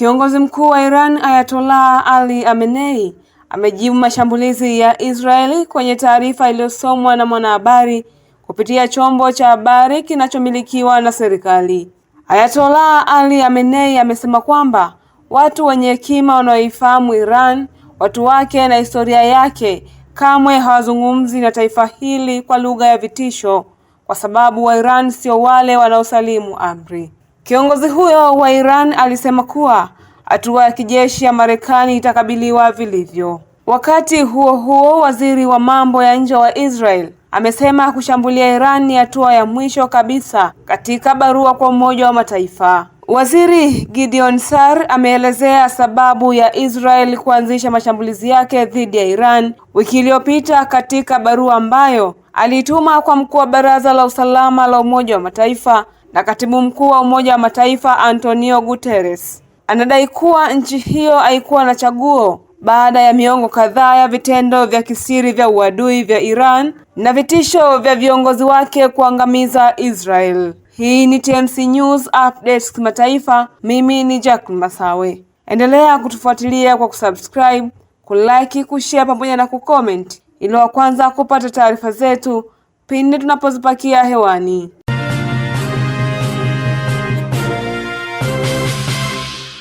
Kiongozi mkuu wa Iran Ayatollah Ali amenei amejibu mashambulizi ya Israeli kwenye taarifa iliyosomwa na mwanahabari kupitia chombo cha habari kinachomilikiwa na serikali. Ayatollah Ali amenei amesema kwamba watu wenye hekima wanaoifahamu Iran, watu wake na historia yake kamwe hawazungumzi na taifa hili kwa lugha ya vitisho, kwa sababu wa iran sio wale wanaosalimu amri. Kiongozi huyo wa Iran alisema kuwa hatua ya kijeshi ya Marekani itakabiliwa vilivyo. Wakati huo huo, waziri wa mambo ya nje wa Israel amesema kushambulia Iran ni hatua ya mwisho kabisa katika barua kwa Umoja wa Mataifa. Waziri Gideon Sar ameelezea sababu ya Israel kuanzisha mashambulizi yake dhidi ya Iran wiki iliyopita katika barua ambayo aliituma kwa mkuu wa Baraza la Usalama la Umoja wa Mataifa na katibu mkuu wa Umoja wa Mataifa Antonio Guterres anadai kuwa nchi hiyo haikuwa na chaguo baada ya miongo kadhaa ya vitendo vya kisiri vya uadui vya Iran na vitisho vya viongozi wake kuangamiza Israel. Hii ni TMC News Updates kimataifa. Mimi ni Jack Masawe. Endelea kutufuatilia kwa kusubscribe, kulike, kushare pamoja na kucomment ili wa kwanza kupata taarifa zetu pindi tunapozipakia hewani.